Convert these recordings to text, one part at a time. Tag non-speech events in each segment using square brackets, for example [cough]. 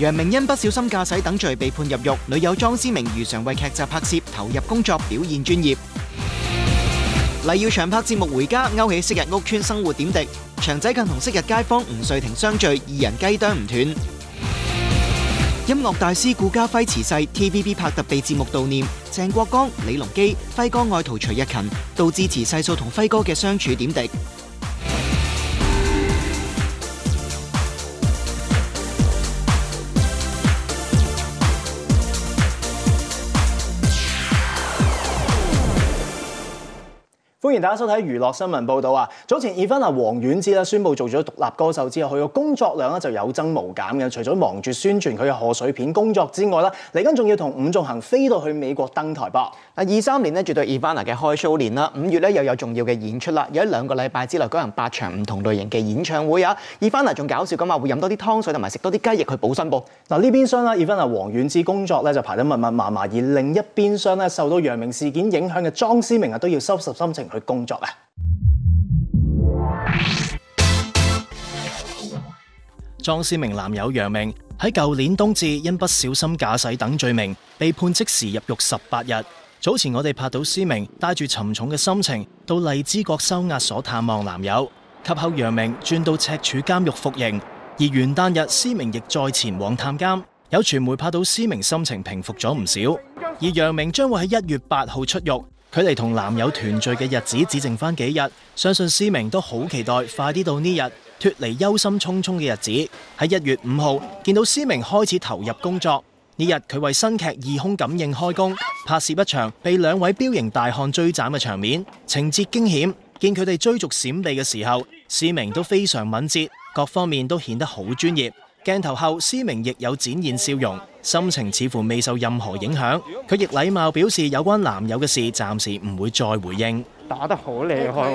楊明因不小心駕駛等罪被判入獄，女友莊思明如常為劇集拍攝投入工作，表現專業。黎耀祥拍節目回家，勾起昔日屋邨生活點滴。祥仔更同昔日街坊吳瑞婷相聚，二人雞啄唔斷。音樂大師顧嘉輝辭世，TVB 拍特備節目悼念鄭國江、李龍基、輝哥愛徒徐日勤，都致辭細數同輝哥嘅相處點滴。歡迎大家收睇娛樂新聞報道啊！早前 Ivana 王菀之咧宣布做咗獨立歌手之後，佢個工作量咧就有增無減嘅。除咗忙住宣傳佢嘅賀歲片工作之外啦，嚟緊仲要同伍仲衡飛到去美國登台噃。啊，二三年咧絕對係 Ivana 嘅開 show 年啦。五月咧又有重要嘅演出啦，有喺兩個禮拜之內舉行八場唔同類型嘅演唱會啊。Ivana 仲搞笑咁話，會飲多啲湯水同埋食多啲雞翼去補身噃。嗱，呢邊廂啦，Ivana 王菀之工作咧就排得密密麻麻，而另一邊廂咧受到楊明事件影響嘅莊思明啊，都要收拾心情去工作啊！莊思明男友楊明喺舊年冬至因不小心駕駛等罪名被判即時入獄十八日。早前我哋拍到思明帶住沉重嘅心情到荔枝角收押所探望男友，及後楊明轉到赤柱監獄服刑。而元旦日思明亦再前往探監，有傳媒拍到思明心情平復咗唔少，而楊明將會喺一月八號出獄。距離同男友團聚嘅日子只剩翻幾日，相信思明都好期待快啲到呢日脫離憂心忡忡嘅日子。喺一月五號，見到思明開始投入工作。呢日佢為新劇《異空感應》開工，拍攝一場被兩位彪形大漢追斬嘅場面，情節驚險。見佢哋追逐閃避嘅時候，思明都非常敏捷，各方面都顯得好專業。鏡頭後，思明亦有展現笑容。心情似乎未受任何影響，佢亦禮貌表示有關男友嘅事暫時唔會再回應。打得好厲害，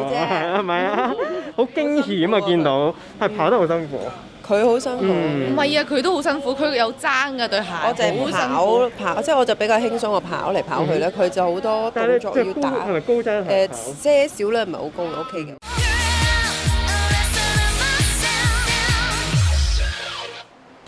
係咪、嗯、啊？好驚險啊！見到係、嗯、跑得好辛苦，佢好辛苦，唔、嗯、係啊！佢都好辛苦，佢有踭㗎對鞋，我跑辛苦跑，即、就、係、是、我就比較輕鬆個跑嚟跑去咧。佢、嗯、就好多動作要打，係咪高踭？誒、呃，些少咧，唔係好高嘅，OK 嘅。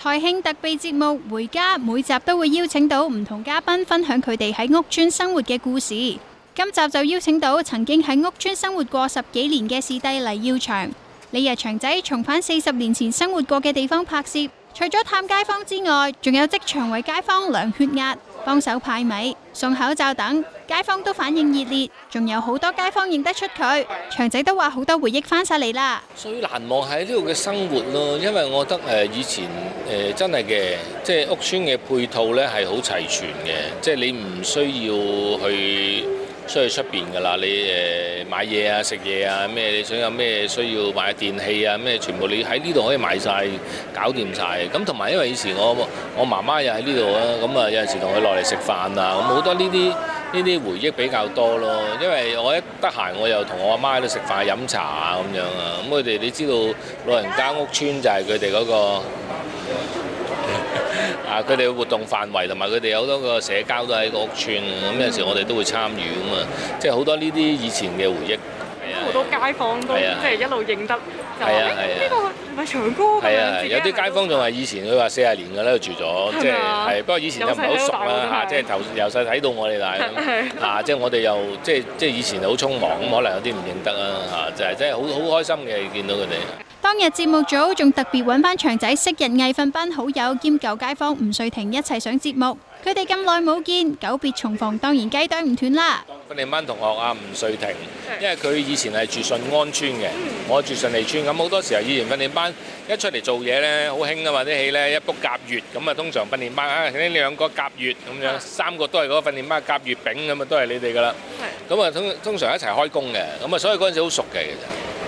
台慶特備節目《回家》，每集都會邀請到唔同嘉賓分享佢哋喺屋邨生活嘅故事。今集就邀請到曾經喺屋邨生活過十幾年嘅師弟黎耀祥，李日祥仔重返四十年前生活過嘅地方拍攝。除咗探街坊之外，仲有即場為街坊量血壓、幫手派米、送口罩等，街坊都反應熱烈，仲有好多街坊認得出佢，長仔都話好多回憶翻晒嚟啦。最難忘喺呢度嘅生活咯，因為我覺得誒以前誒、呃、真係嘅，即係屋村嘅配套咧係好齊全嘅，即係你唔需要去。出去出邊㗎啦，你誒、呃、買嘢啊、食嘢啊、咩你想有咩需要買電器啊、咩全部你喺呢度可以買晒、搞掂晒。咁同埋因為以前我我媽媽又喺呢度啊，咁啊有陣時同佢落嚟食飯啊，咁好多呢啲呢啲回憶比較多咯。因為我一得閒我又同我阿媽喺度食飯飲茶啊咁樣啊，咁佢哋你知道老人家屋村就係佢哋嗰個。啊！佢哋嘅活動範圍同埋佢哋有好多個社交都喺個屋邨，咁，有時我哋都會參與啊即係好多呢啲以前嘅回憶。好多街坊都即係、啊就是、一路認得。係啊係啊。呢、啊欸啊、個唔係長歌㗎。係啊，有啲街坊仲係以前佢話四十年嘅咧住咗。係係，不、就、過、是、以前就唔係好熟啦即係頭由細睇到我哋、啊就是、大。即 [laughs] 係、啊就是、我哋又即係即係以前好匆忙，咁可能有啲唔認得啊嚇，就係真係好好開心嘅見到佢哋。當日節目組，仲特別揾翻長仔，昔日藝訓班好友，兼舊街坊。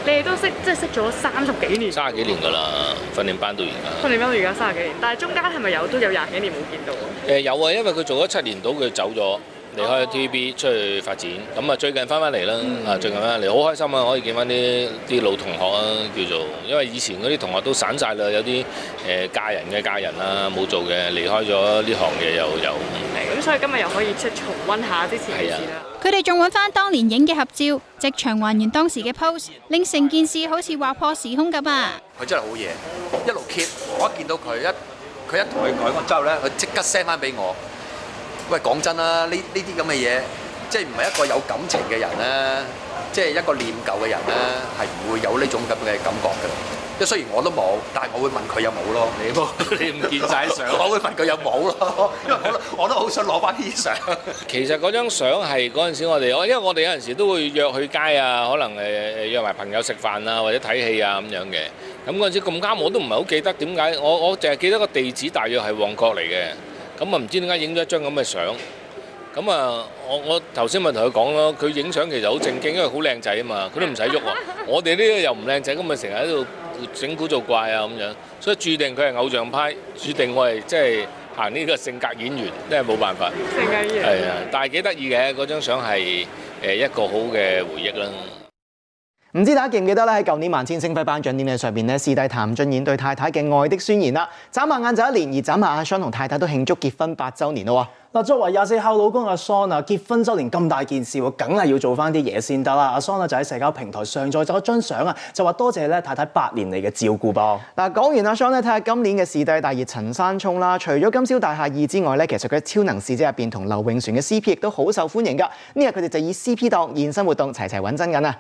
你哋都識，即係識咗三十幾年。三十幾年㗎啦，訓練班到而家。訓練班到而家三十幾年，但係中間係咪有都有廿幾年冇見到？誒、嗯、有啊，因為佢做咗七年到，佢走咗。離開 TVB 出去發展，咁啊最近翻返嚟啦，啊最近翻翻嚟好開心啊，可以見翻啲啲老同學啊，叫做因為以前嗰啲同學都散晒啦，有啲誒、呃、嫁人嘅嫁人啦、啊，冇做嘅離開咗呢行嘢又又唔嚟，咁、嗯、所以今日又可以即重溫下啲前事啦。佢哋仲揾翻當年影嘅合照，即場還原當時嘅 pose，令成件事好似劃破時空咁啊！佢真係好嘢，一路 keep，我一見到佢一佢一同佢改過之後咧，佢即刻 send 翻俾我。喂，講真啦，呢呢啲咁嘅嘢，即係唔係一個有感情嘅人咧，即係一個念舊嘅人咧，係唔會有呢種咁嘅感覺嘅。即係雖然我都冇，但係我會問佢有冇咯。你你唔見晒相，我會問佢有冇咯。因為我我都好想攞翻啲相。其實嗰張相係嗰陣時我哋，我因為我哋有陣時都會約去街啊，可能誒約埋朋友食飯啊，或者睇戲啊咁樣嘅。咁嗰陣時咁啱，我都唔係好記得點解。我我淨係記得個地址大約係旺角嚟嘅。咁啊，唔知點解影咗一張咁嘅相。咁啊，我我頭先咪同佢講咯，佢影相其實好正經，因為好靚仔啊嘛，佢都唔使喐啊。我哋呢啲又唔靚仔，咁咪成日喺度整蠱做怪啊咁樣，所以註定佢係偶像派，註定我係即係行呢個性格演員，即係冇辦法。性格演員。係啊，但係幾得意嘅嗰張相係誒一個好嘅回憶啦。唔知大家記唔記得咧？喺舊年萬千星輝頒獎典禮上邊咧，視帝譚俊彥對太太嘅愛的宣言啦，眨下眼就一年，而眨下阿桑同太太都慶祝結婚八週年啦喎。嗱，作為廿四孝老公阿桑啊，結婚週年咁大件事喎，梗係要做翻啲嘢先得啦。阿桑啊，就喺社交平台上載咗張相啊，就話多謝咧太太八年嚟嘅照顧噃。嗱，講完阿桑咧，睇下今年嘅視帝大熱陳山聰啦，除咗《金宵大廈二》之外咧，其實佢超能使者入邊同劉永璇嘅 CP 亦都好受歡迎噶。呢日佢哋就以 CP 檔現身活動，齊齊揾真緊啊！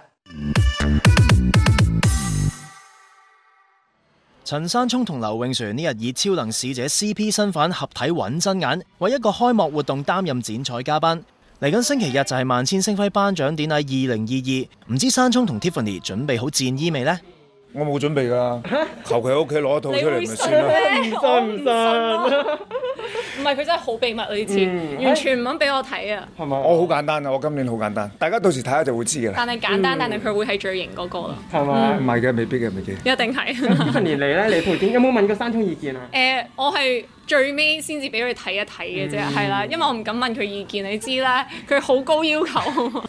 陳山聰同劉穎镟呢日以超能使者 C P 身份合體穩真眼，為一個開幕活動擔任剪彩嘉賓。嚟緊星期日就係萬千星輝頒獎典禮二零二二，唔知山聰同 Tiffany 準備好戰衣未呢？我冇準備㗎，求其喺屋企攞一套出嚟咪算啦。唔信唔、啊、 [laughs] 信，唔信、啊？唔 [laughs] 係，佢真係好秘密啊！呢次、嗯、完全唔肯俾我睇啊。係咪？我好簡單啊！我今年好簡單，大家到時睇下就會知㗎啦。但係簡單，嗯、但係佢會係最型嗰、嗰個啦。係咪？唔係嘅，未必嘅，未必。一定係。Jasmine 嚟咧你台前，有冇問過山聰意見啊？誒，我係。最尾先至俾佢睇一睇嘅啫，係、嗯、啦，因為我唔敢問佢意見，你知啦，佢好高要求。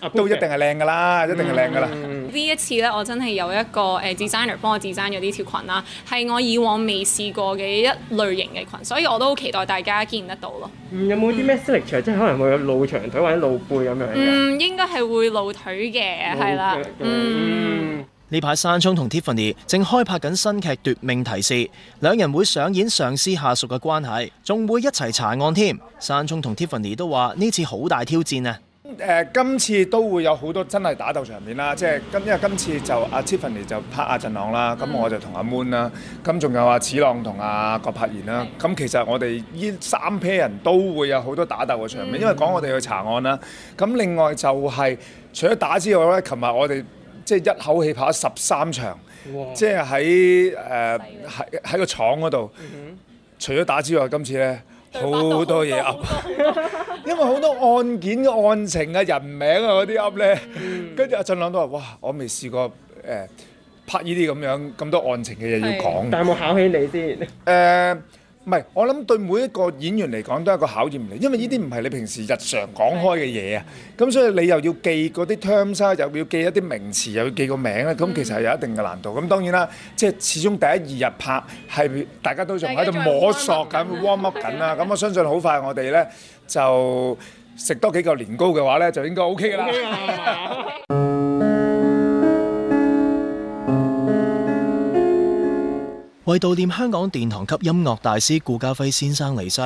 啊、 [laughs] 都一定係靚噶啦、嗯，一定係靚噶啦。呢、嗯嗯、一次咧，我真係有一個誒、呃、designer 幫我 design 咗呢條裙啦，係我以往未試過嘅一類型嘅裙，所以我都好期待大家見得到咯。有冇啲咩 signature 即係可能會有露長腿或者露背咁樣？嗯，應該係會露腿嘅，係啦，嗯。嗯呢排山聰同 Tiffany 正開拍緊新劇《奪命提示》，兩人會上演上司下屬嘅關係，仲會一齊查案添。山聰同 Tiffany 都話呢次好大挑戰啊、呃！今次都會有好多真係打鬥的場面啦，即係今因為今次就阿、嗯啊、Tiffany 就拍阿振朗啦，咁、嗯、我就同阿、啊、Moon 啦、啊，咁仲有阿、啊、子朗同阿郭柏妍啦，咁、嗯、其實我哋呢三批人都會有好多打鬥嘅場面，嗯、因為講我哋去查案啦。咁另外就係、是、除咗打之外呢，琴日我哋。即係一口氣拍咗十三場，即係喺誒喺喺個廠嗰度、嗯。除咗打之外，今次咧好多嘢噏， [laughs] 因為好多案件 [laughs] 案情啊、人名啊嗰啲噏咧。跟住阿俊朗都話：哇！我未試過誒、呃、拍呢啲咁樣咁多案情嘅嘢要講。但係冇考起你先。誒、呃。唔係，我諗對每一個演員嚟講都係一個考驗嚟，因為呢啲唔係你平時日常講開嘅嘢啊。咁所以你又要記嗰啲 terms 啊，又要記一啲名詞，又要記個名啊。咁其實係有一定嘅難度。咁當然啦，即係始終第一二日拍係大家都仲喺度摸索緊、warm up 緊啦。咁我相信好快我哋咧就食多幾個年糕嘅話咧，就應該 OK 㗎啦。為悼念香港殿堂級音樂大師顧嘉輝先生離世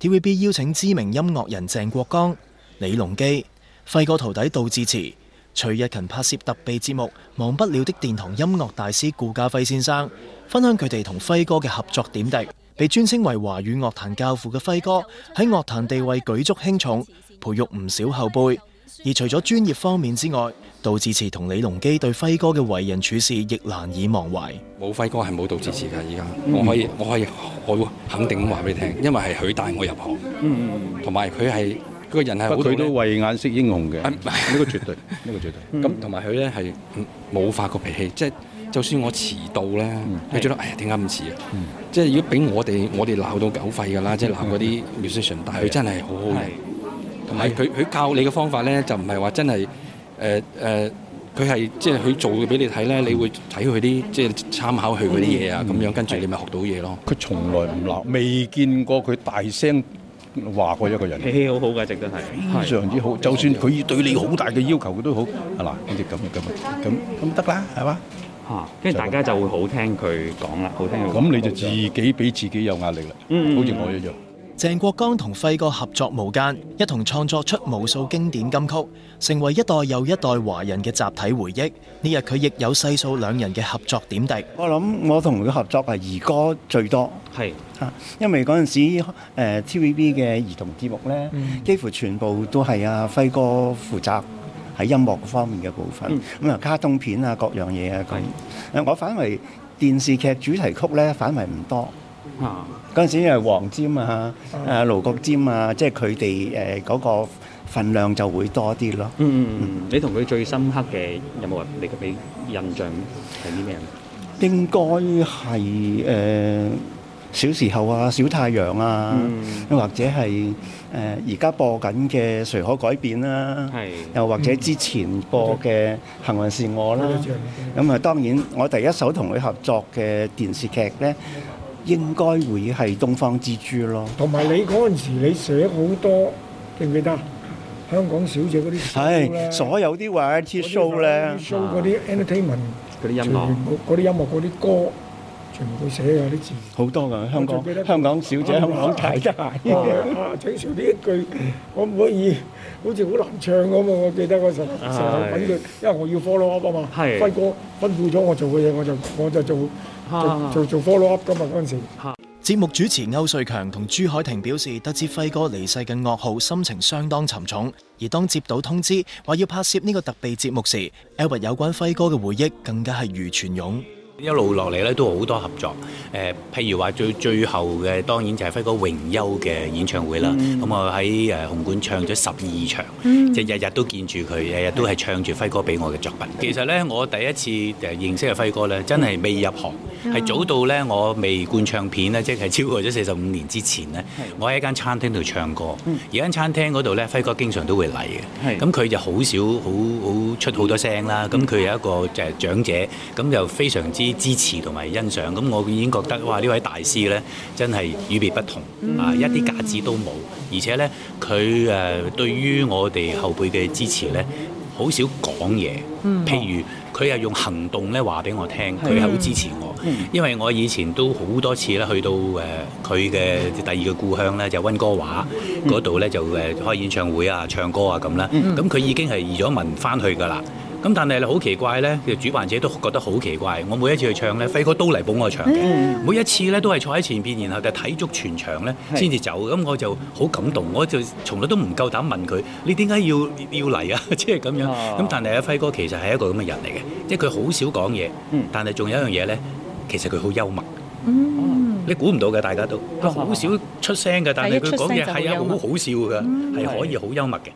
，TVB 邀請知名音樂人鄭國江、李龍基、輝哥徒弟杜自持、徐日勤拍攝特備節目《忘不了的殿堂音樂大師顧嘉輝先生》，分享佢哋同輝哥嘅合作點滴。被尊稱為華語樂壇教父嘅輝哥喺樂壇地位舉足輕重，培育唔少後輩。而除咗專業方面之外，杜智慈同李龍基對輝哥嘅為人處事亦難以忘懷。冇輝哥係冇杜智慈噶，而家我可以，我可以，我肯定話俾你聽，因為係佢帶我入行，同埋佢係佢個人係好。佢都慧眼識英雄嘅，呢 [laughs] 個絕對，呢、呢個絕對。咁同埋佢咧係冇發過脾氣，即係就算我遲到咧，嗯、佢覺得哎呀點解咁遲啊？即、嗯、係如果俾我哋我哋鬧到狗吠噶啦，即係鬧嗰啲 musician，但係佢真係好好，同埋佢佢教你嘅方法咧就唔係話真係。誒、呃、誒，佢、呃、係即係佢做嘅俾你睇咧、嗯，你會睇佢啲即係參考佢嗰啲嘢啊，咁、嗯嗯、樣跟住你咪學到嘢咯。佢從來唔鬧，未見過佢大聲話過一個人。脾氣好好㗎，一直都係非常之好，好。就算佢對你好大嘅要求，佢都好。係、嗯、嘛？咁、嗯、就咁啊，咁咁得啦，係嘛？嚇！跟住大家就會好聽佢講啦，好聽佢講。咁你就自己俾自己有壓力啦、嗯嗯。好似我一樣。鄭國江同輝哥合作無間，一同創作出無數經典金曲，成為一代又一代華人嘅集體回憶。呢日佢亦有細數兩人嘅合作點滴。我諗我同佢合作係兒歌最多，係因為嗰陣時誒 T V B 嘅兒童節目咧、嗯，幾乎全部都係啊輝哥負責喺音樂方面嘅部分。咁、嗯、啊，卡通片啊，各樣嘢啊，佢，我反為電視劇主題曲咧，反為唔多啊。嗰陣時因為黃霑啊、阿盧國霑啊，即係佢哋誒嗰個份量就會多啲咯。嗯嗯嗯，你同佢最深刻嘅有冇話俾俾印象係啲咩啊？應該係誒小時候啊，小太陽啊，又或者係誒而家播緊嘅誰可改變啦，又或者之前播嘅幸運是我啦。咁啊，當然我第一首同佢合作嘅電視劇咧，應該會係東方之珠咯。同埋你嗰陣時，你寫，多記記、哎 show，啊、寫好多記唔記得？香港小姐嗰啲係所有啲話啲 show 咧，show 嗰啲 entertainment 嗰啲音樂，嗰啲音樂嗰啲歌，全部佢寫嘅啲字。好多㗎香港，香港小姐，香港睇得啊， [laughs] 請笑呢一句，我唔可以好似好難唱㗎嘛！我記得我成日成日揾佢，因為我要 follow up 啊嘛。輝哥吩咐咗我做嘅嘢，我就我就做。做做,做 follow up 今日嗰陣時，節目主持歐瑞強同朱海婷表示得知輝哥離世嘅噩耗，心情相當沉重。而當接到通知話要拍攝呢個特備節目時 Albert 有關輝哥嘅回憶更加係如泉湧。一路落嚟咧，都好多合作。誒、呃，譬如話最最後嘅，當然就係輝哥榮休嘅演唱會啦。咁、mm-hmm. 嗯、我喺誒紅館唱咗十二場，即係日日都見住佢，日日都係唱住輝哥俾我嘅作品。Mm-hmm. 其實咧，我第一次誒認識嘅輝哥咧，真係未入行，係、mm-hmm. 早到咧我未灌唱片咧，即係超過咗四十五年之前咧，mm-hmm. 我喺一間餐廳度唱歌。而、mm-hmm. 間餐廳度咧，輝哥經常都會嚟嘅。咁、mm-hmm. 佢就好少好好出好多聲啦。咁、mm-hmm. 佢有一個就係長者，咁就非常之。啲支持同埋欣賞，咁我已經覺得哇！呢位大師呢真係與別不同、mm-hmm. 啊，一啲架子都冇，而且呢，佢誒、呃、對於我哋後輩嘅支持呢，好少講嘢。Mm-hmm. 譬如佢又用行動呢話俾我聽，佢係好支持我。Mm-hmm. 因為我以前都好多次呢去到誒佢嘅第二個故鄉呢，就溫、是、哥華嗰度、mm-hmm. 呢，就誒開演唱會啊、唱歌啊咁啦。咁、mm-hmm. 佢已經係移咗民翻去㗎啦。咁、嗯、但係好奇怪呢，其實主辦者都覺得好奇怪。我每一次去唱呢，輝哥都嚟幫我唱嘅、嗯。每一次呢，都係坐喺前邊，然後就睇足全場呢，先至走。咁、嗯、我就好感動，我就從來都唔夠膽問佢：你點解要要嚟啊？即係咁樣。咁、哦嗯、但係阿輝哥其實係一個咁嘅人嚟嘅，即係佢好少講嘢、嗯，但係仲有一樣嘢呢，其實佢好幽默。嗯、你估唔到嘅大家都，佢好少出聲嘅，但係佢講嘢係啊，好好笑嘅，係、嗯、可以好幽默嘅。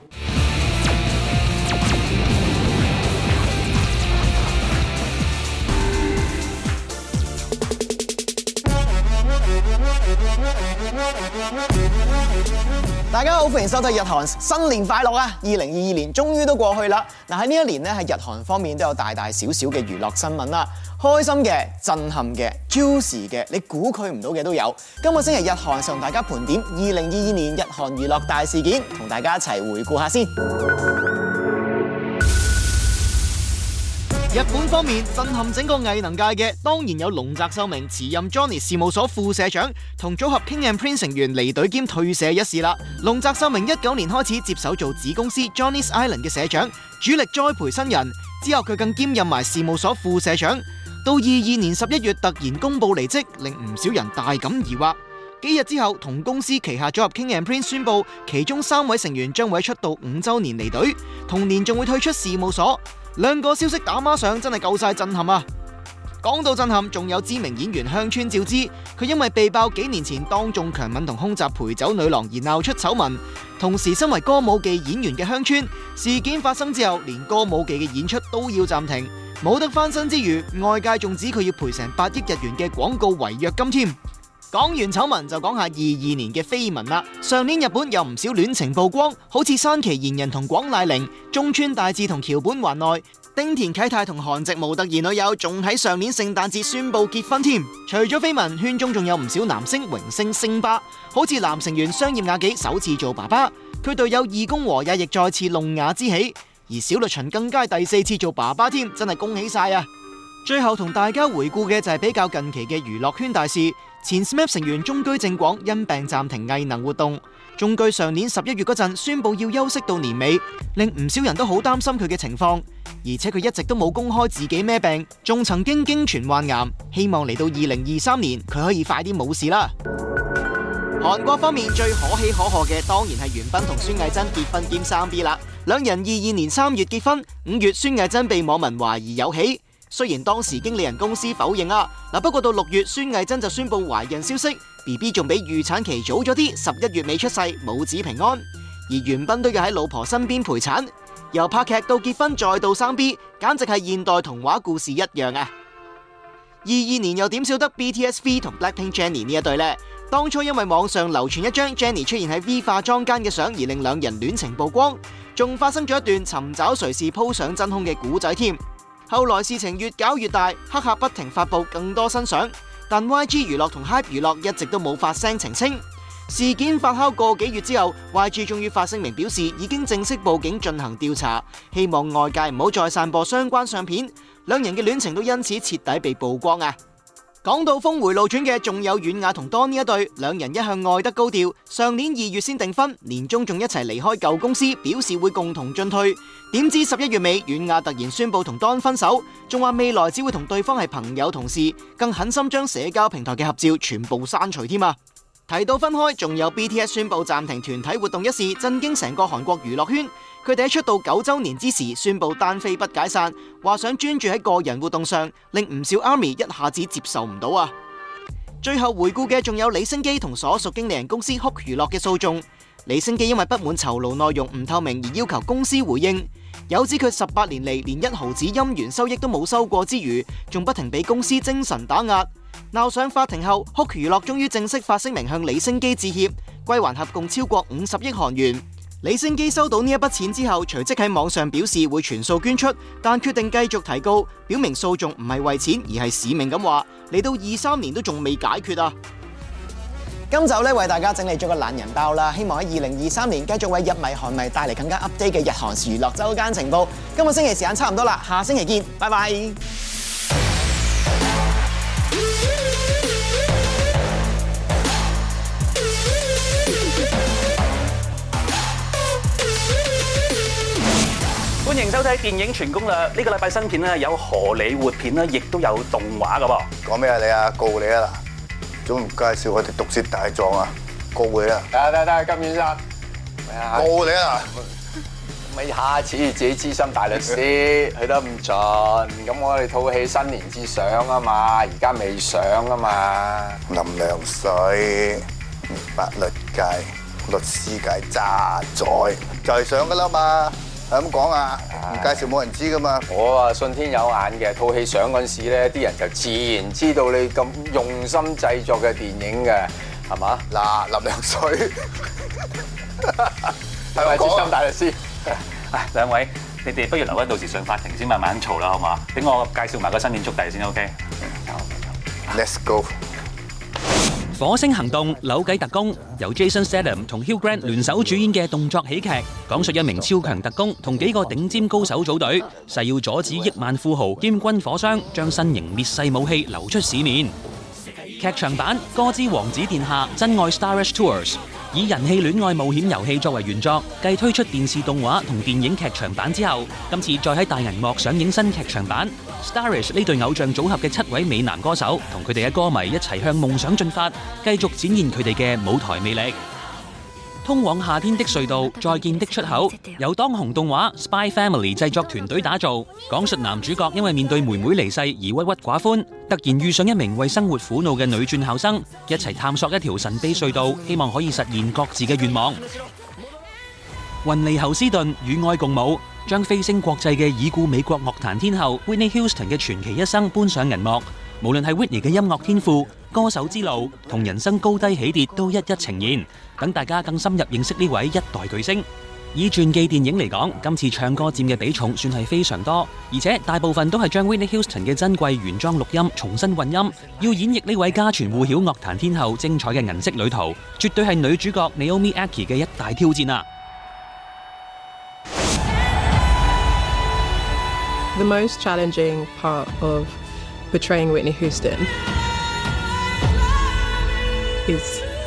大家好，歡迎收睇日韓，新年快樂啊！二零二二年終於都過去啦。嗱，喺呢一年咧，喺日韓方面都有大大小小嘅娛樂新聞啦，開心嘅、震撼嘅、juicy 嘅，你估佢唔到嘅都有。今個星期日韓就同大家盤點二零二二年日韓娛樂大事件，同大家一齊回顧一下先。日本方面震撼整個藝能界嘅，當然有龍澤秀明辭任 Johnny 事務所副社長，同組合 King and Prince 成員離隊兼退社一事啦。龍澤秀明一九年開始接手做子公司 Johnny’s Island 嘅社長，主力栽培新人，之後佢更兼任埋事務所副社長。到二二年十一月突然公布離職，令唔少人大感疑惑。幾日之後，同公司旗下組合 King and Prince 宣布，其中三位成員將會出道五週年離隊，同年仲會退出事務所。兩個消息打孖上真係夠晒震撼啊！講到震撼，仲有知名演員香川照之，佢因為被爆幾年前當眾強吻同胸襲陪酒女郎而鬧出醜聞，同時身為歌舞伎演員嘅香川，事件發生之後連歌舞伎嘅演出都要暫停，冇得翻身之餘，外界仲指佢要賠成八億日元嘅廣告違約金添。講完醜聞就講下二二年嘅緋聞啦。上年日本有唔少戀情曝光，好似山崎賢人同廣瀨鈴、中村大志同橋本環奈、丁田啟泰同韓籍模特兒女友，仲喺上年聖誕節宣布結婚添。除咗緋聞，圈中仲有唔少男星榮升星爸，好似男成員相葉雅紀首次做爸爸，佢隊友二宮和也亦再次弄瓦之喜，而小栗旬更加第四次做爸爸添，真係恭喜晒啊！最後同大家回顧嘅就係比較近期嘅娛樂圈大事。前 SMAP 成員中居正廣因病暫停藝能活動，中居上年十一月嗰陣宣布要休息到年尾，令唔少人都好擔心佢嘅情況，而且佢一直都冇公開自己咩病，仲曾經經傳患癌，希望嚟到二零二三年佢可以快啲冇事啦。韓國方面最可喜可賀嘅，當然係元彬同孫藝珍結婚兼三 B 啦，兩人二二年三月結婚，五月孫藝珍被網民懷疑有喜。雖然當時經理人公司否認啊，嗱，不過到六月，孫藝珍就宣布懷孕消息，B B 仲比預產期早咗啲，十一月未出世，母子平安。而玄彬都要喺老婆身邊陪產，由拍劇到結婚再到生 B，簡直係現代童話故事一樣啊！二二年又點少得 BTS V 同 BLACKPINK JENNIE 呢一對呢？當初因為網上流傳一張 JENNIE 出現喺 V 化妝間嘅相，而令兩人戀情曝光，仲發生咗一段尋找誰是鋪上真空嘅古仔添。後來事情越搞越大，黑客不停發佈更多新相，但 YG 娛樂同 HYBE 娛樂一直都冇發聲澄清。事件發酵個幾月之後，YG 終於發聲明表示已經正式報警進行調查，希望外界唔好再散播相關相片。兩人嘅戀情都因此徹底被曝光啊！講到峰回路轉嘅，仲有阮雅同 Don 呢一對，兩人一向愛得高調，上年二月先訂婚，年中仲一齊離開舊公司，表示會共同進退。點知十一月尾，阮雅突然宣布同 Don 分手，仲話未來只會同對方係朋友同事，更狠心將社交平台嘅合照全部刪除添啊！提到分開，仲有 BTS 宣布暫停團體活動一事，震驚成個韓國娛樂圈。佢哋喺出道九周年之時宣布單飛不解散，話想專注喺個人活動上，令唔少 ARMY 一下子接受唔到啊！最後回顧嘅仲有李昇基同所屬經理人公司 Hook 娛樂嘅訴訟。李昇基因為不滿酬勞內容唔透明而要求公司回應，有指佢十八年嚟連一毫子音源收益都冇收過之餘，仲不停畀公司精神打壓。鬧上法庭後，Hook 娛樂終於正式發聲明向李昇基致歉，歸還合共超過五十億韓元。李昇基收到呢一筆錢之後，隨即喺網上表示會全數捐出，但決定繼續提高，表明訴訟唔係為錢而係使命咁話。嚟到二三年都仲未解決啊！今集咧為大家整理咗個懶人包啦，希望喺二零二三年繼續為日迷韓迷帶嚟更加 update 嘅日韓時娛樂周間情報。今個星期時間差唔多啦，下星期見，拜拜。歡迎收睇電影全攻略。呢個禮拜新片咧有荷里活片啦，亦都有動畫噶喎。講咩啊你啊告你啊啦，總唔介紹我哋毒舌大狀啊？告你啊！得得得，金先生。告你啊！咪下次自己資深大律師，去得唔盡。咁我哋套戲新年至上啊嘛，而家未上啊嘛。淋涼水，法律界、律師界揸在就係上噶啦嘛。係咁講啊，唔介紹冇人知噶嘛。我啊信天有眼嘅，套戲上嗰陣時咧，啲人就自然知道你咁用心製作嘅電影嘅，係嘛？嗱，林亮水， [laughs] 係咪資深大律師，唉， [laughs] 兩位，你哋不如留翻到時上法庭先慢慢嘈啦，好唔好啊？等我介紹埋個新片速遞先，OK？Let's go。火星行動，扭計特工，由 Jason Statham 同 Hugh Grant 聯手主演嘅動作喜劇，講述一名超強特工同幾個頂尖高手組隊，誓要阻止億萬富豪兼軍火商將新型滅世武器流出市面。劇場版《歌之王子殿下》《真愛 Starish Tours》。以人氣戀愛冒險遊戲作為原作，繼推出電視動畫同電影劇場版之後，今次再喺大銀幕上映新劇場版。Starish 呢對偶像組合嘅七位美男歌手同佢哋嘅歌迷一齊向夢想進發，繼續展現佢哋嘅舞台魅力。通往夏天的隧道再見的出口，由當紅動畫 Spy Family 製作團隊打造，講述男主角因為面對妹妹離世而鬱鬱寡歡，突然遇上一名為生活苦惱嘅女轉校生，一齊探索一條神秘隧道，希望可以實現各自嘅願望。雲尼侯斯頓與愛共舞，將飛升國際嘅已故美國樂壇天后 Whitney Houston 嘅傳奇一生搬上銀幕，無論係 Whitney 嘅音樂天賦、歌手之路、同人生高低起跌，都一一呈現。等大家更深入認識呢位一代巨星。以傳記電影嚟講，今次唱歌佔嘅比重算係非常多，而且大部分都係將 Whitney Houston 嘅珍貴原裝錄音重新混音。要演繹呢位家傳戶曉樂壇天后精彩嘅銀色旅途，絕對係女主角 Naomi Ackie 嘅一大挑戰啊！The most challenging part of portraying Whitney Houston is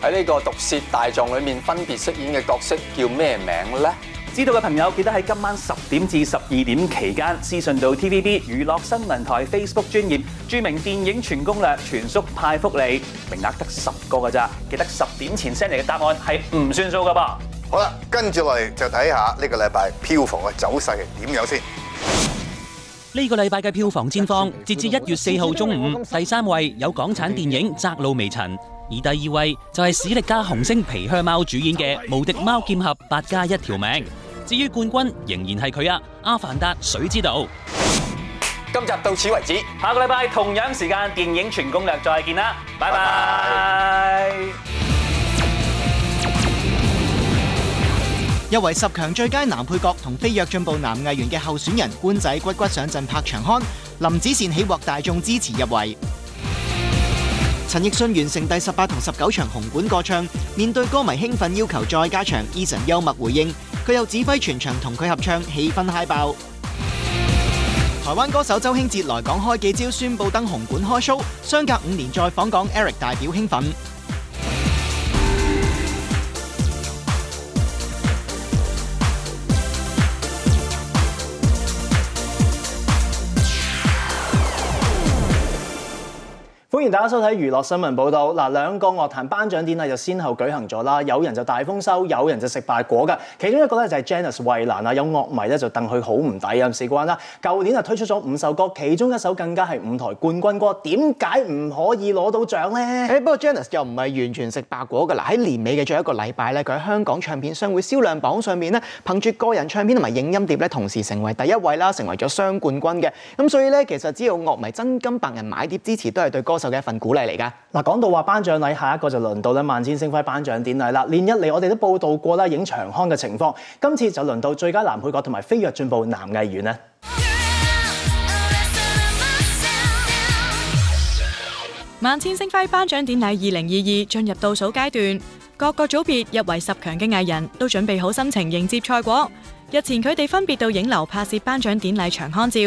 喺呢個《毒舌大狀》裏面分別飾演嘅角色叫咩名字呢？知道嘅朋友記得喺今晚十點至十二點期間私信到 TVB 娛樂新聞台 Facebook 專頁著名電影全攻略全叔派福利，名額得十個噶咋？記得十點前 send 嚟嘅答案係唔算數噶噃。好啦，跟住落嚟就睇下呢個禮拜票房嘅走勢係點樣先。呢、這個禮拜嘅票房戰況，截至一月四號中午試試，第三位有港產電影《窄路微塵》。而第二位，就係史力加紅星皮陳奕迅完成第十八同十九場紅館歌唱，面對歌迷興奮要求再加場，Eason 幽默回應，佢又指揮全場同佢合唱，氣氛 high 爆。 [music] 台灣歌手周興哲來港開記招，宣布登紅館開 show，相隔五年再訪港，Eric 大表興奮。歡迎大家收睇娛樂新聞報道。嗱，兩個樂壇頒獎典禮就先後舉行咗啦，有人就大豐收，有人就食白果㗎。其中一個咧就係 Janice 衛蘭啊，有樂迷咧就戥佢好唔抵。有冇試啦，啊？舊年啊推出咗五首歌，其中一首更加係五台冠軍歌，點解唔可以攞到獎呢？誒、欸，不過 Janice 又唔係完全食白果㗎。嗱，喺年尾嘅最後一個禮拜咧，佢喺香港唱片商會銷量榜上面咧，憑住個人唱片同埋影音碟咧，同時成為第一位啦，成為咗雙冠軍嘅。咁所以咧，其實只要樂迷真金白銀買碟支持，都係對歌手嘅一份鼓勵嚟噶。嗱，講到話頒獎禮，下一個就輪到咧萬千星輝頒獎典禮啦。連日嚟，我哋都報道過啦，影長康嘅情況。今次就輪到最佳男配角同埋飛躍進步男藝員咧。萬千星輝頒獎典禮二零二二進入倒數階段，各個組別入圍十強嘅藝人都準備好心情迎接賽果。日前佢哋分別到影樓拍攝頒獎典禮長康照，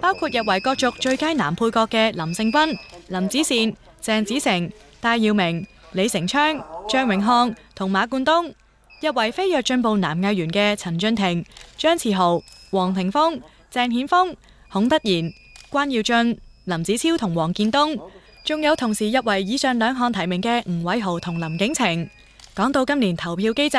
包括入圍各族最佳男配角嘅林盛斌、林子善、鄭子誠、戴耀明、李成昌、張永康同馬貫東，入圍飛躍進步男藝員嘅陳俊廷、張志豪、黃庭鋒、鄭顯峰、孔德賢、關耀俊、林子超同黃建東，仲有同時入圍以上兩項提名嘅吳偉豪同林景晴。講到今年投票機制。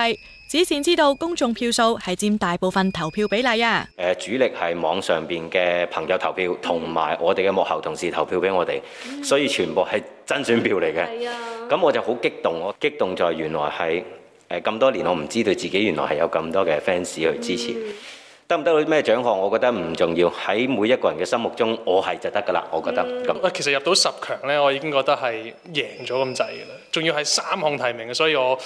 之前知道公眾票數係佔大部分投票比例啊，誒，主力係網上邊嘅朋友投票，同埋我哋嘅幕後同事投票俾我哋，所以全部係真選票嚟嘅。咁我就好激動，我激動在原來係誒咁多年，我唔知道自己原來係有咁多嘅 fans 去支持。得唔得到咩獎項，我覺得唔重要。喺每一個人嘅心目中，我係就得噶啦，我覺得咁、嗯。其實入到十強咧，我已經覺得係贏咗咁滯噶啦，仲要係三項提名，所以我。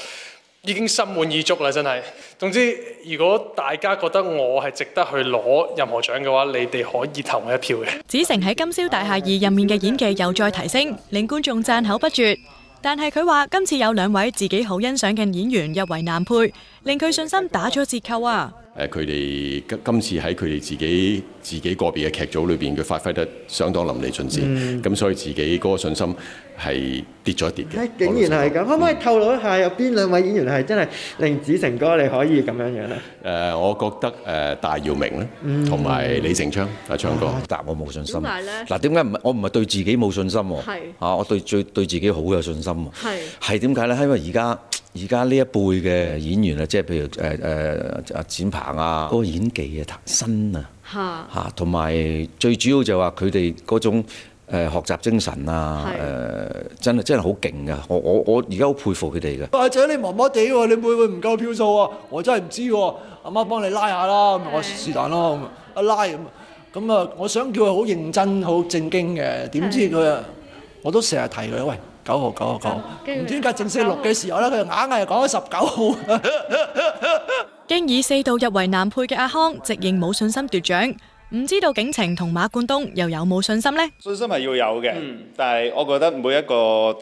已經心滿意足啦，真係。總之，如果大家覺得我係值得去攞任何獎嘅話，你哋可以投我一票嘅。子成喺《金宵大廈二》入面嘅演技又再提升，令觀眾讚口不絕。但係佢話今次有兩位自己好欣賞嘅演員入圍男配，令佢信心打咗折扣啊！誒，佢哋今今次喺佢哋自己自己個別嘅劇組裏邊，佢發揮得相當淋漓盡致，咁所以自己嗰個信心係跌咗一跌嘅。竟然係咁，可唔可以透露一下有邊兩位演員係真係令子成哥你可以咁樣樣咧？誒，我覺得誒戴耀明咧，同埋李成昌阿昌哥。但我冇信心。點解咧？嗱，點解唔係我唔係對自己冇信心喎？係啊，我對最對自己好有信心。係係點解咧？因為而家。而家呢一輩嘅演員啊，即係譬如誒誒阿展鵬啊，嗰、那個演技啊，新啊嚇嚇，同、啊、埋、啊、最主要就話佢哋嗰種誒、呃、學習精神啊，誒、呃、真係真係好勁噶！我我我而家好佩服佢哋嘅。或者你麻麻地喎，你會唔會唔夠票數啊？我真係唔知喎、啊。阿媽，媽幫你拉下啦，我是但咯，阿拉咁。咁啊，我想叫佢好認真、好正經嘅，點知佢啊，我都成日提佢喂。九號九號九號，唔知點解正式錄嘅時候咧，佢硬硬係講十九號。 [laughs] 經以四度入圍男配嘅阿康，直認冇信心奪獎，唔知道景晴同馬冠東又有冇信心呢？信心係要有嘅、嗯，但係我覺得每一個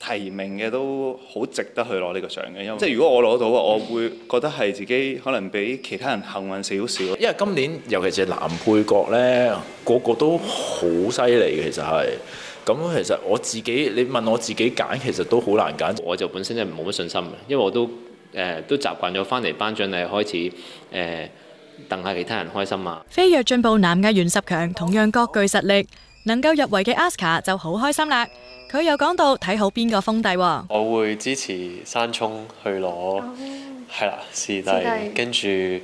提名嘅都好值得去攞呢個獎嘅，因為即係如果我攞到，我會覺得係自己可能比其他人幸運少少。因為今年尤其是男配角咧，個個都好犀利嘅，其實係。咁其實我自己，你問我自己揀，其實都好難揀。我就本身咧冇乜信心，因為我都誒、呃、都習慣咗翻嚟頒獎禮開始誒，等、呃、下其他人開心啊。飛躍進步男藝員十強，同樣各具實力，哦、能夠入圍嘅 a 阿斯卡就好開心啦。佢又講到睇好邊個封帝喎、哦？我會支持山聰去攞，係、哦、啦，視帝、啊、跟住誒、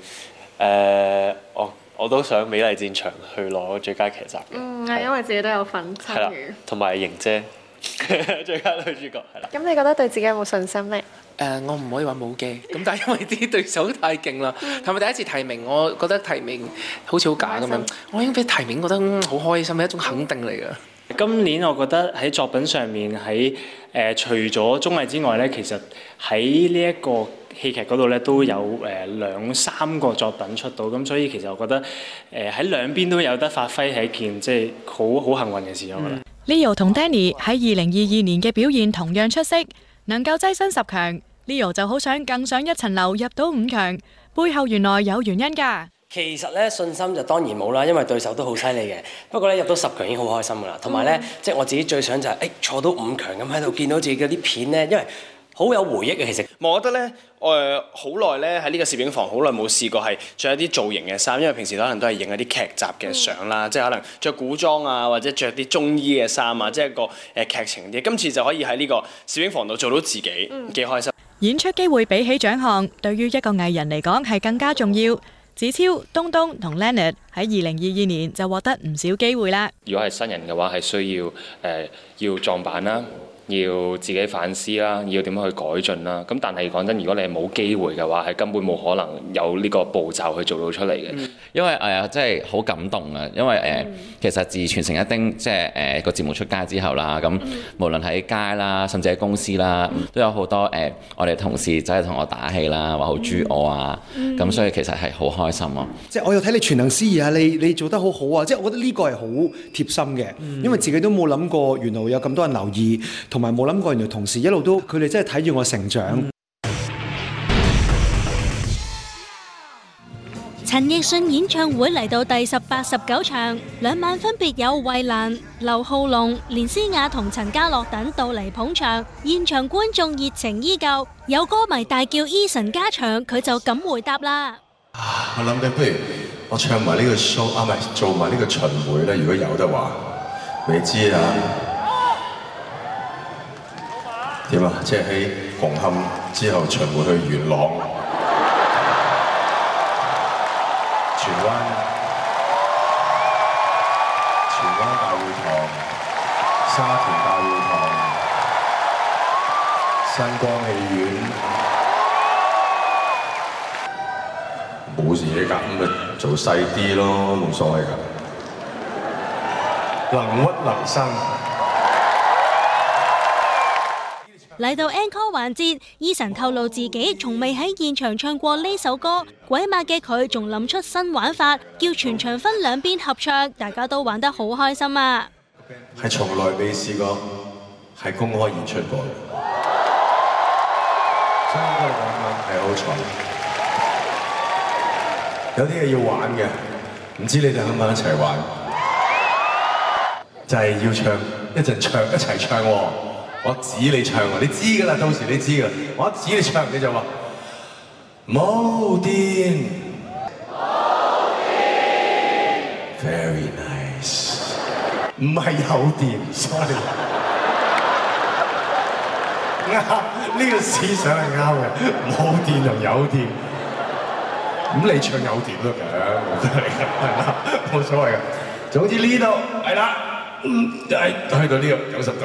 呃、我。我都想《美麗戰場》去攞最佳劇集嘅，嗯，係因為自己都有份參與。係同埋瑩姐 [laughs] 最佳女主角係啦。咁你覺得對自己有冇信心呢？誒、呃，我唔可以話冇嘅，咁 [laughs] 但係因為啲對手太勁啦，係 [laughs] 咪第一次提名？我覺得提名好似好假咁樣。我已經俾提名覺得好開心，係一種肯定嚟嘅。今年我覺得喺作品上面，喺誒、呃、除咗綜藝之外咧，其實喺呢一個。戲劇嗰度咧都有誒兩三個作品出到，咁所以其實我覺得誒喺兩邊都有得發揮係一件即係好好幸運嘅事咯、嗯。Leo 同 Danny 喺二零二二年嘅表現同樣出色，能夠躋身十強，Leo 就好想更上一層樓入到五強，背後原來有原因㗎。其實咧信心就當然冇啦，因為對手都好犀利嘅。不過咧入到十強已經好開心㗎啦，同埋咧即係我自己最想就係、是、誒坐到五強咁喺度見到自己嗰啲片咧，因為。好有回憶嘅其實，我覺得咧，誒好耐咧喺呢個攝影房好耐冇試過係着一啲造型嘅衫，因為平時可能都係影一啲劇集嘅相啦，即係可能着古裝啊，或者着啲中醫嘅衫啊，即係個誒、呃、劇情啲。今次就可以喺呢個攝影房度做到自己，幾、嗯、開心。演出機會比起獎項，對於一個藝人嚟講係更加重要。子超、東東同 Leonard 喺二零二二年就獲得唔少機會啦。如果係新人嘅話，係需要誒、呃、要撞板啦。要自己反思啦，要點樣去改進啦。咁但係講真，如果你係冇機會嘅話，係根本冇可能有呢個步驟去做到出嚟嘅、嗯。因為，為、呃、誒，真係好感動啊！因為，誒、呃嗯，其實自《傳承一丁》即係誒個節目出街之後啦，咁、嗯、無論喺街啦，甚至喺公司啦，嗯、都有好多誒、呃、我哋同事真係同我打氣啦，話好豬我啊。咁、嗯、所以其實係好開心啊，即係我又睇你全能司儀啊，你你做得好好啊！即係我覺得呢個係好貼心嘅、嗯，因為自己都冇諗過原來有咁多人留意。同埋冇諗過，原來同事一路都佢哋真係睇住我成長、嗯。陳奕迅演唱會嚟到第十八十九場，兩晚分別有衞蘭、劉浩龍、連詩雅同陳家樂等到嚟捧場，現場觀眾熱情依舊，有歌迷大叫 Eason 加場，佢就咁回答啦、啊：我諗嘅，不如我唱埋呢個 show 啊，咪做埋呢個巡迴啦。如果有得話，未知啊。點啊？即係喺紅磡之後巡迴去元朗、荃灣、荃灣大會堂、沙田大會堂、新光戲院，冇事㗎，咁咪做細啲咯，冇所謂㗎。能屈能伸。嚟到 Encore 環節，Eason 透露自己從未喺現場唱過呢首歌，鬼馬嘅佢仲諗出新玩法，叫全場分兩邊合唱，大家都玩得好開心啊！係從來未試過，係公開演出過的，所以都係係好彩， [laughs] 有啲嘢要玩嘅，唔知道你哋可唔可以一齊玩？ [laughs] 就係要唱，一陣唱，一齊唱啊。我指你唱喎，你知噶啦，到時你知噶。我指你唱，你就話冇電，冇電，very nice，唔係有電，sorry。啱，呢個思想係啱嘅，冇電同有電，咁你唱有電都得㗎啦，係嘛，冇所謂嘅。總之呢度係啦，就係去到呢個九十度。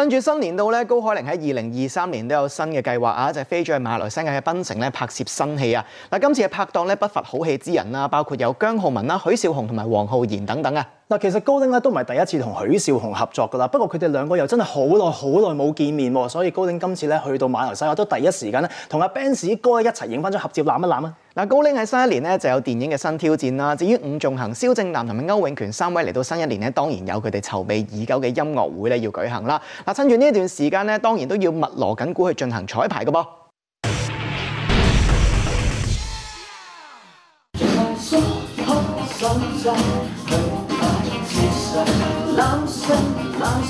跟住新年到咧，高海寧喺二零二三年都有新嘅計劃啊，就係飛咗去馬來西亞嘅檳城咧拍攝新戲啊！嗱，今次嘅拍檔咧不乏好戲之人啦，包括有姜浩文啦、許紹雄同埋黃浩然等等啊！嗱，其實高凌咧都唔係第一次同許紹雄合作噶啦，不過佢哋兩個又真係好耐好耐冇見面喎，所以高凌今次咧去到馬來西亞都第一時間咧同阿 Benz 哥一齊影翻張合照攬一攬啊！嗱，高凌喺新一年咧就有電影嘅新挑戰啦，至於伍仲衡、蕭正楠同埋歐永權三位嚟到新一年咧，當然有佢哋籌備已久嘅音樂會咧要舉行啦。嗱，趁住呢段時間咧，當然都要密鑼緊鼓去進行彩排噶噃。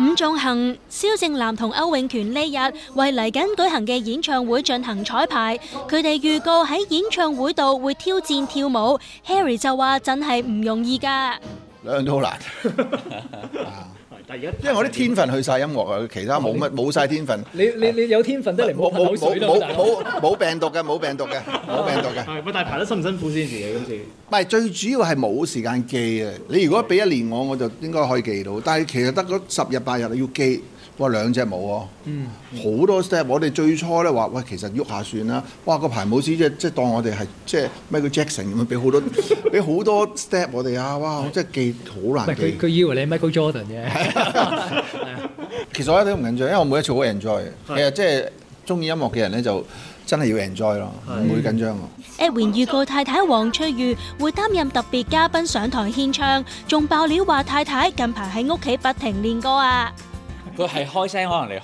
伍仲恒、蕭正楠同歐永權呢日為嚟緊舉行嘅演唱會進行彩排，佢哋預告喺演唱會度會挑戰跳舞。Harry 就話：真係唔容易㗎，兩樣都好難。 [laughs] 因為我啲天分去晒音樂啊，其他冇乜冇曬天分。你你你有天分得嚟，冇冇冇冇冇病毒嘅，冇 [laughs] 病毒嘅，冇 [laughs] 病毒嘅。喂， [laughs] [laughs] 但係排得辛唔辛苦先至啊？嗰次。唔係最主要係冇時間記啊！你如果俾一年我，我就應該可以記到。但係其實得嗰十日八日你要記。哇！兩隻冇喎，好、嗯、多 step。我哋最初咧話，喂，其實喐下算啦。哇！這個排舞師即即當我哋係即 Michael Jackson，佢俾好多俾好 [laughs] 多 step 我哋啊！哇，真 [laughs] 係記好難記。唔係佢佢以為你係 Michael Jordan 啫。 [laughs] [laughs] 其實我一啲都唔緊張，因為我每一次好 enjoy 嘅。係啊，即係中意音樂嘅人咧，就真係要 enjoy 咯，唔會緊張、嗯。Edwin 預告太太黃翠如會擔任特別嘉賓上台獻唱，仲爆料話太太近排喺屋企不停練歌啊！佢係開聲可能嚟，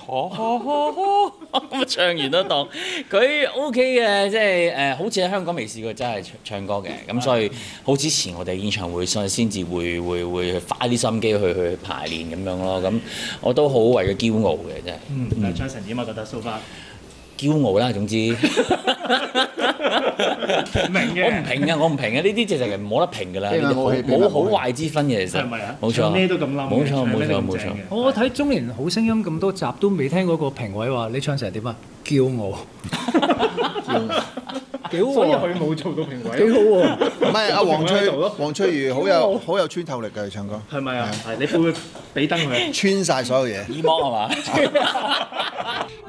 咁啊唱完都當佢 O K 嘅，即係誒，好似喺香港未試過真係唱唱歌嘅，咁所以好支持我哋演唱會，所以先至會會會花啲心機去去排練咁樣咯。咁我都好為佢驕傲嘅真係。嗯，阿、嗯、唱成點啊？我覺得蘇百。驕傲啦，總之， [laughs] 唔明嘅，我唔評嘅，我唔評嘅，呢啲即係其實冇得評嘅啦，冇好壞之分嘅，其實冇錯，冇錯，冇錯，冇錯。我睇中年好聲音咁多集都未聽過個評委話你唱成點啊？驕傲，驕傲，幾 [laughs] 好喎、啊，佢冇做到評委，幾好喎、啊。唔係阿黃翠黃翠如好有好有穿透力嘅唱歌，係咪啊？ [laughs] 你會唔會俾燈佢穿晒所有嘢？耳膜係嘛？ [laughs]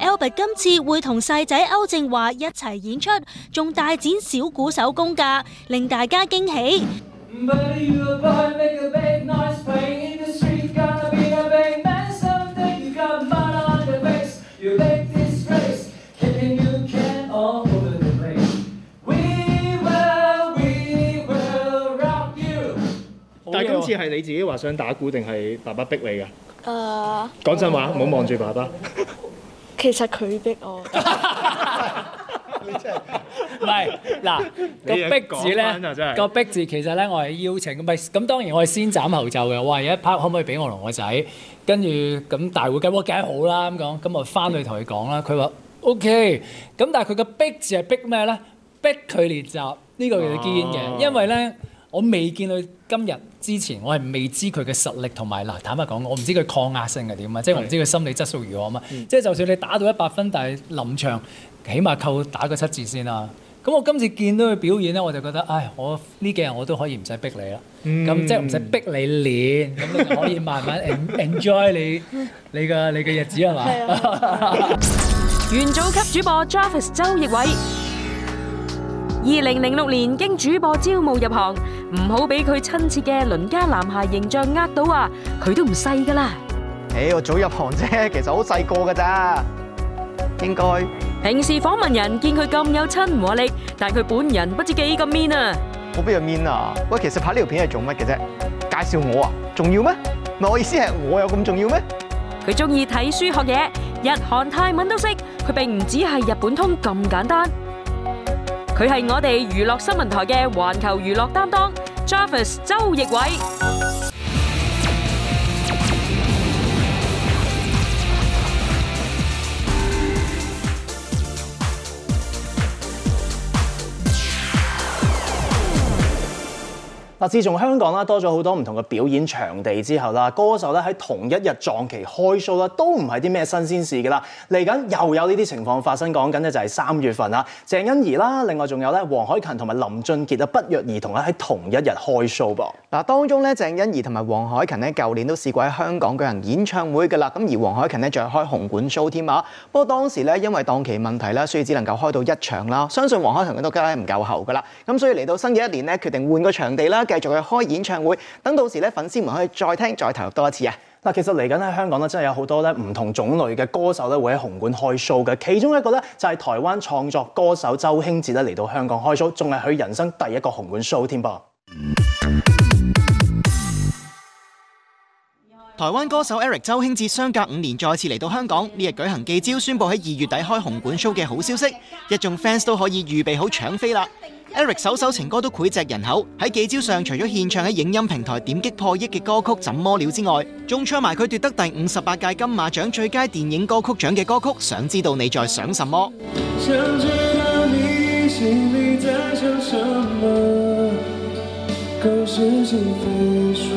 歐伯今次會同細仔歐正華一齊演出，仲大展小鼓手功架，令大家驚喜。但係今次係你自己話想打鼓，定係爸爸逼你噶？誒，講真話，唔好望住爸爸。其實佢逼我 [laughs] [laughs] 你真的笑，唔係，嗱，個逼字咧，個逼字其實咧，我係邀請咪咁。當然我係先斬後奏嘅。哇，有一 part 可唔可以俾我同我仔跟住咁大會計？我計好啦咁講咁，我翻去同佢講啦。佢話 OK 咁，但係佢個逼字係逼咩咧？逼佢練習呢、呢個係堅嘅，啊、因為咧，我未見到佢今日。之前我係未知佢嘅實力同埋嗱，坦白講，我唔知佢抗壓性係點啊，即係我唔知佢心理質素如何啊嘛。即、嗯、係就，就算你打到一百分，但係臨場起碼扣打個七字先啦。咁我今次見到佢表演咧，我就覺得，唉，我呢幾日我都可以唔使逼你啦。咁、嗯、即係唔使逼你練，咁、嗯、你就可以慢慢 an, [laughs] enjoy 你你嘅日子係嘛？ [laughs] 對吧笑元祖級主播 Javis f f 周奕偉。二零零六年經主播招募入行，唔好俾佢親切嘅鄰家男孩形象呃到啊！佢都唔細噶啦。誒，我早入行啫，其實好細個噶咋，應該。平時訪問人見佢咁有親和力，但佢本人不知幾咁 mean 啊！好邊個 mean 啊？喂，其實拍呢條片係做乜嘅啫？介紹我啊？重要咩？唔係，我意思係我有咁重要咩？佢中意睇書學嘢，日韓泰文都識，佢並唔止係日本通咁簡單。佢係我哋娛樂新聞台嘅環球娛樂擔當，Jarvis 周奕偉。嗱，自從香港啦多咗好多唔同嘅表演場地之後啦，歌手咧喺同一日撞期開 show 啦，都唔係啲咩新鮮事噶啦。嚟緊又有呢啲情況發生，講緊咧就係三月份啦，鄭欣宜啦，另外仲有咧黃海芹同埋林俊傑啊，不約而同咧喺同一日開 show 噃。嗱，當中咧鄭欣宜同埋黃海芹咧，舊年都試過喺香港舉行演唱會噶啦。咁而黃海芹咧仲開紅館 show 添啊。不過當時咧因為檔期問題啦，所以只能夠開到一場啦。相信黃海芹都梗係唔夠喉噶啦。咁所以嚟到新嘅一年咧，決定換個場地啦。繼續去開演唱會，等到時咧，粉絲們可以再聽、再投入多一次啊！嗱，其實嚟緊喺香港咧，真係有好多咧唔同種類嘅歌手咧，會喺紅館開 show 嘅。其中一個咧，就係台灣創作歌手周興哲咧嚟到香港開 show，仲係佢人生第一個紅館 show 添噃。台灣歌手 Eric 周興哲相隔五年再次嚟到香港，呢日舉行記招宣布喺二月底開紅館 show 嘅好消息，一眾 fans 都可以預備好搶飛啦。Eric 首首情歌都膾炙人口，喺記招上除咗獻唱喺影音平台點擊破億嘅歌曲《怎麼了》之外，仲唱埋佢奪得第五十八屆金馬獎最佳電影歌曲獎嘅歌曲《想知道你在想什麼》想知道你。你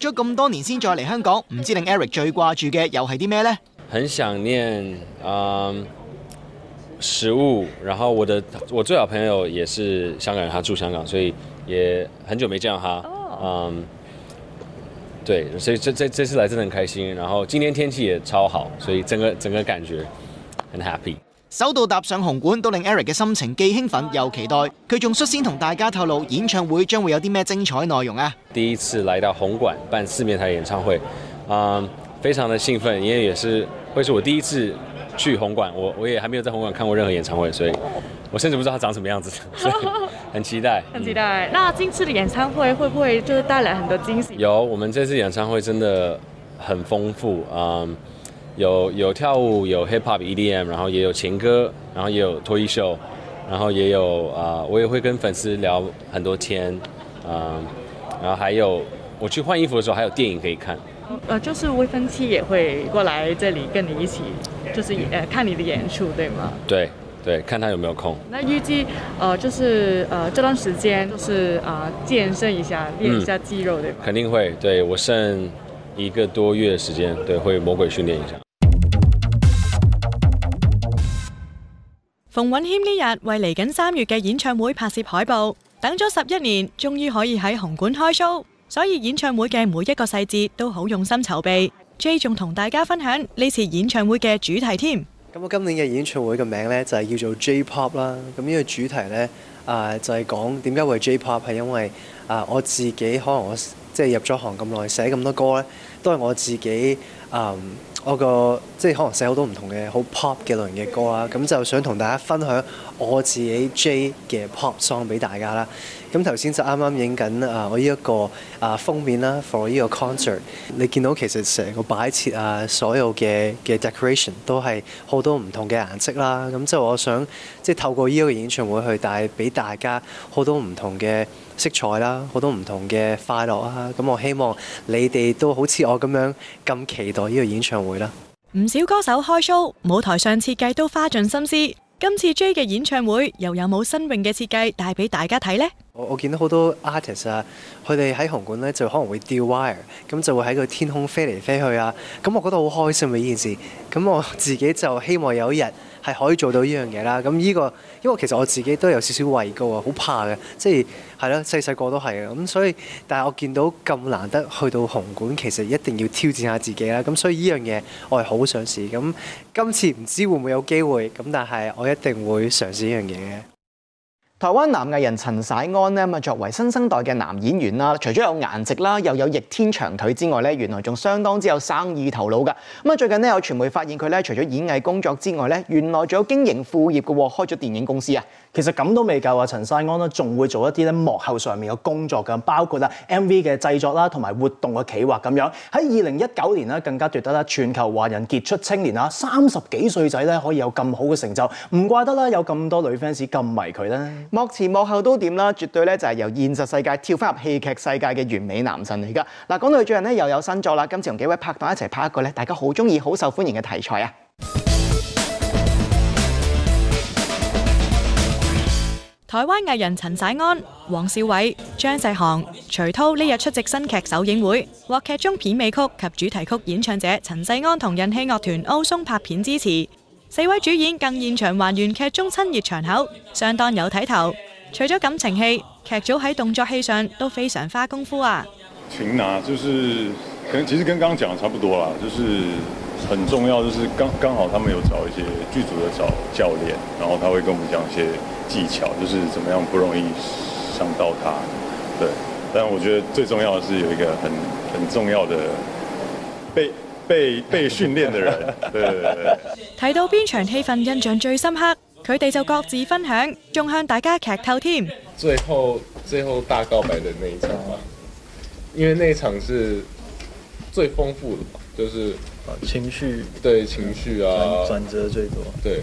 咗咁多年先再嚟香港，唔知令 Eric 最掛住嘅又係啲咩呢？很想念、嗯、食物，然後我的我最好朋友也是香港人，他住香港，所以也很久沒見到他。Oh. 嗯，對，所以這這，這次來真係很開心。然後今天天氣也超好，所以整個整個感覺很 happy。首度踏上紅館都令 Eric 嘅心情既興奮又期待，佢仲率先同大家透露演唱會將會有啲咩精彩內容啊！第一次來到紅館辦四面台演唱會，嗯，非常的興奮，因為也是會是我第一次去紅館，我我也還沒有在紅館看過任何演唱會，所以我甚至不知道他長什麼樣子，所以很期待， [laughs] 很期待。那今次嘅演唱會會不會就是帶來很多驚喜？有，我們這次演唱會真的很豐富，嗯。有有跳舞，有 hip hop EDM，然後也有情歌，然後也有脫衣秀，然後也有啊、呃，我也會跟粉絲聊很多天，嗯、呃，然後還有我去換衣服的時候，還有電影可以看。呃，就是未婚妻也會過來這裡跟你一起，就是呃看你的演出，對嗎？對對，看他有沒有空。那預計呃，就是呃這段時間就是啊、呃，健身一下，練一下肌肉，嗯、對吧？肯定會，對，我剩一個多月的時間，對，會魔鬼訓練一下。馮允謙呢日為嚟緊三月嘅演唱會拍攝海報，等咗十一年，終於可以喺紅館開 show，所以演唱會嘅每一個細節都好用心籌備。J 仲同大家分享呢次演唱會嘅主題添。咁我今年嘅演唱會嘅名咧，就係、是、叫做 J Pop 啦。咁呢個主題咧啊、呃、就係講點解為 J Pop 係因為啊、呃、我自己可能我即係入咗行咁耐，寫咁多歌咧都係我自己啊。呃我個即係可能寫好多唔同嘅好 pop 嘅類型嘅歌啦，咁就想同大家分享我自己 J 嘅 pop song 俾大家啦。咁頭先就啱啱影緊啊，我呢一個啊封面啦，for 呢個 concert。你見到其實成個擺設啊，所有嘅嘅 decoration 都係好多唔同嘅顏色啦。咁即係我想即係透過呢個演唱會去帶俾大家好多唔同嘅。色彩啦，好多唔同嘅快樂啊！咁我希望你哋都好似我咁樣咁期待呢個演唱會啦。唔少歌手開 show，舞台上設計都花盡心思。今次 J 嘅演唱會又有冇新穎嘅設計帶俾大家睇呢？我我見到好多 artist 啊，佢哋喺紅館呢就可能會吊 wire，咁就會喺個天空飛嚟飛去啊！咁我覺得好開心嘅呢件事。咁我自己就希望有一日。係可以做到呢樣嘢啦，咁呢個因為其實我自己都有少少畏高啊，好怕嘅，即係係囉，細細個都係啊，咁所以但係我見到咁難得去到紅館，其實一定要挑戰下自己啦，咁所以呢樣嘢我係好想試，咁今次唔知會唔會有機會，咁但係我一定會嘗試呢樣嘢嘅。台灣男藝人陳世安，作為新生代嘅男演員，除咗有顏值、又有逆天長腿之外，原來仲相當之有生意頭腦㗎。最近有傳媒發現佢除咗演藝工作之外，原來仲有經營副業㗎，開咗電影公司。其實咁都未夠啊！陳世安咧，仲會做一啲咧幕後上面嘅工作嘅，包括啦 MV 嘅製作啦，同埋活動嘅企劃咁樣。喺二零一九年咧，更加奪得啦全球華人傑出青年啊！三十幾歲仔咧可以有咁好嘅成就，唔怪得啦，有咁多女 fans 咁迷佢咧。幕前幕後都點啦，絕對咧就係由現實世界跳翻入戲劇世界嘅完美男神嚟噶。嗱，講到最近咧又有新作啦，今次同幾位拍檔一齊拍一個咧，大家好中意、好受歡迎嘅題材啊！台灣藝人陳世安、黃少偉、張世航、徐濤呢日出席新劇首映會，獲劇中片尾曲及主題曲演唱者陳世安同人氣樂團歐松拍片支持。四位主演更現場還原劇中親熱場口，相當有睇頭。除咗感情戲，劇組喺動作戲上都非常花功夫啊。擒拿就是，其實跟剛剛講的差不多啦，就是很重要，就是剛剛好他們有找一些劇組的找教練，然後他會跟我們講一些。技巧就是怎麼樣不容易傷到他，對。但我覺得最重要的是有一個很很重要的被被被訓練的人。對對對，提 [laughs] 到邊場戲份印象最深刻，佢哋就各自分享，仲向大家劇透添。最後最後大告白的那一場吧，啊、因為那一場是最豐富的，就是、啊、情緒對情緒啊，轉、轉折最多對。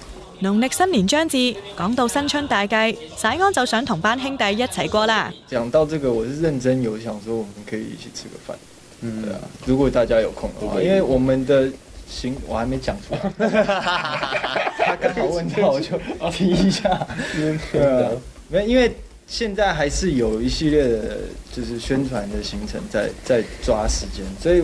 農曆新年將至，講到新春大計，西安就想同班兄弟一起過啦。講到這個，我是認真有想說，我們可以一起吃個飯，嗯，如果大家有空的話，因為我們的行我還沒講完， [laughs] [laughs] 他剛好問到我就提一下，沒 [laughs] [laughs] [laughs] 因為現在還是有一系列的，就是宣傳的行程在在抓時間，所以。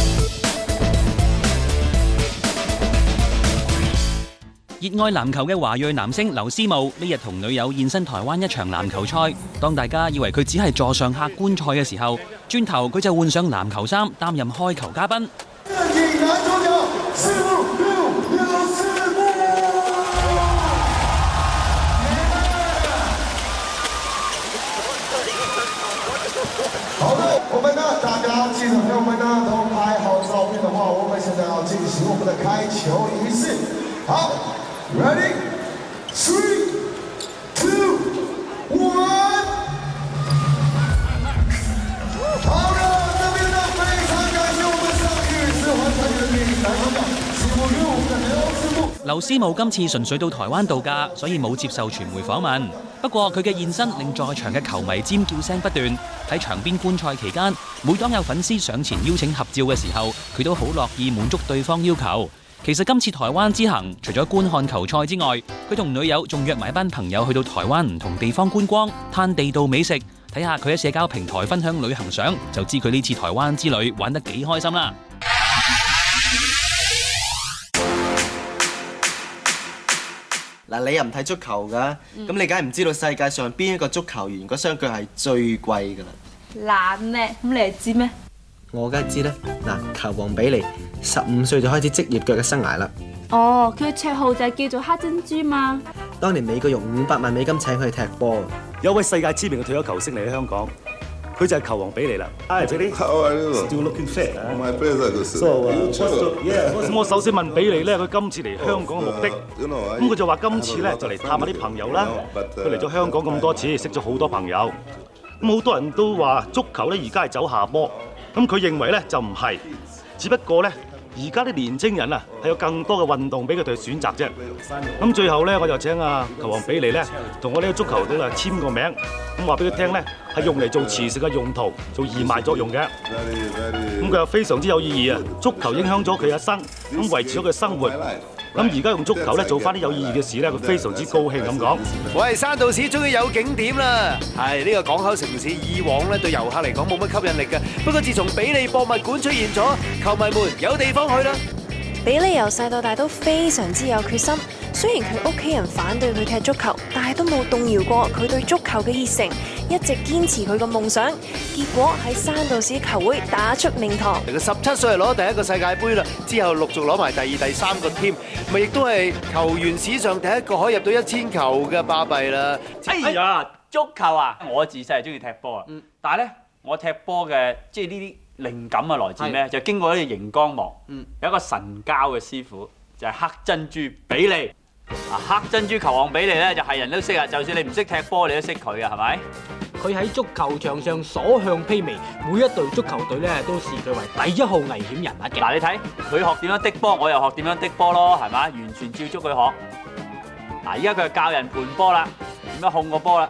熱愛籃球嘅華裔男星劉思慕呢日同女友現身台灣一場籃球賽。當大家以為佢只係坐上客觀賽嘅時候，轉頭佢就換上籃球衫，擔任開球嘉賓。熱烈歡迎劉思慕！好，我們呢大家記者朋友們呢都拍好照片的話，我們現在要進行我們的開球儀式。好。Ready? Three, two, one. [music] 劉思慕今次純粹到台灣度假，所以冇接受傳媒訪問。不過佢嘅現身令在場嘅球迷尖叫聲不斷。喺場邊觀賽期間，每當有粉絲上前邀請合照嘅時候，佢都好樂意滿足對方要求。其實今次台灣之行，除咗觀看球賽之外，佢同女友仲約埋一班朋友去到台灣唔同地方觀光，攤地道美食，睇下佢喺社交平台分享旅行相，就知佢呢次台灣之旅玩得幾開心啦。嗱，你又唔睇足球噶，咁你梗係唔知道世界上邊一個足球員嗰雙腳係最貴噶啦？難咩？咁你又知咩？我梗係知啦。嗱，球王比利十五歲就開始職業腳嘅生涯啦。哦，佢嘅綽號就係叫做黑珍珠嘛。當年美國用五百萬美金請佢踢波，有位世界知名嘅退休球星嚟香港，佢就係球王比利啦。我首先問比利咧，佢今次嚟香港嘅目的？咁佢就話今次咧就嚟探下啲朋友啦。佢嚟咗香港咁多次，識咗好多朋友。咁好多人都話足球咧，而家係走下坡。咁佢認為咧就唔係，只不過咧而家啲年青人啊係有更多嘅運動俾佢哋選擇啫。咁最後咧，我就請阿、啊、球王比利咧同我呢個足球隊啊簽個名。咁話俾佢聽咧係用嚟做慈善嘅用途，做義賣作用嘅。咁佢又非常之有意義啊！足球影響咗佢一生，咁維持咗佢生活。咁而家用足球咧做返啲有意義嘅事咧，佢非常之高興咁講。喂，山度士終於有景點啦！係呢個港口城市，以往咧對遊客嚟講冇乜吸引力嘅。不過自從比利博物館出現咗，球迷們有地方去啦。比利由細到大都非常之有決心。雖然佢屋企人反對佢踢足球，但係都冇動搖過佢對足球嘅熱誠，一直堅持佢個夢想。結果喺山度士球會打出名堂。十七歲攞第一個世界杯啦，之後陸續攞埋第二、第三個添，咪亦都係球員史上第一個可以入到一千球嘅巴閉啦。哎呀，足球啊！我自細係中意踢波啊、嗯，但係呢，我踢波嘅即係呢啲靈感啊，來自咩？就經過一個熒光幕、嗯，有一個神交嘅師傅，就係、是、黑珍珠比利。啊，黑珍珠球王俾你咧，就係人都識啊！就算你唔識踢波，你都識佢噶，係咪？佢喺足球場上所向披靡，每一隊足球隊咧都視佢為第一號危險人物嘅。嗱，你睇佢學點樣的波，我又學點樣的波咯，係咪？完全照足佢學。嗱，依家佢係教人盤波啦，點樣控個波啦？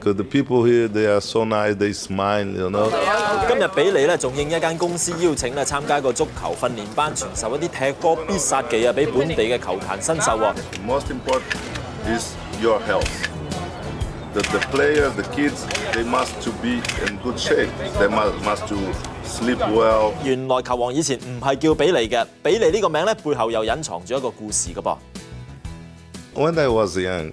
今日比利咧，仲應一間公司邀請咧，參加一個足球訓練班，傳授一啲踢波必殺技啊，俾本地嘅球壇新手啊。原來球王以前唔係叫比利嘅，比利呢個名咧，背後又隱藏住一個故事噶噃。When I was young,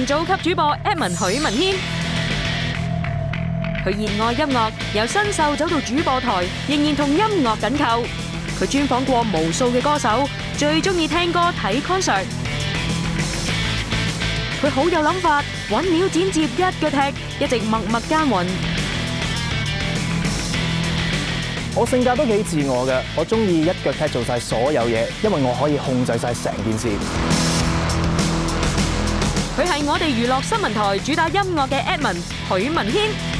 元祖級主播 Edmond 許文謙，佢熱愛音樂，由新秀走到主播台，仍然同音樂緊扣。佢專訪過無數嘅歌手，最中意聽歌睇 concert。佢好有諗法，揾料剪接一腳踢，一直默默耕耘。我性格都幾自我嘅，我中意一腳踢做晒所有嘢，因為我可以控制晒成件事。佢係我哋娛樂新聞台主打音樂嘅 Edmond 許文軒。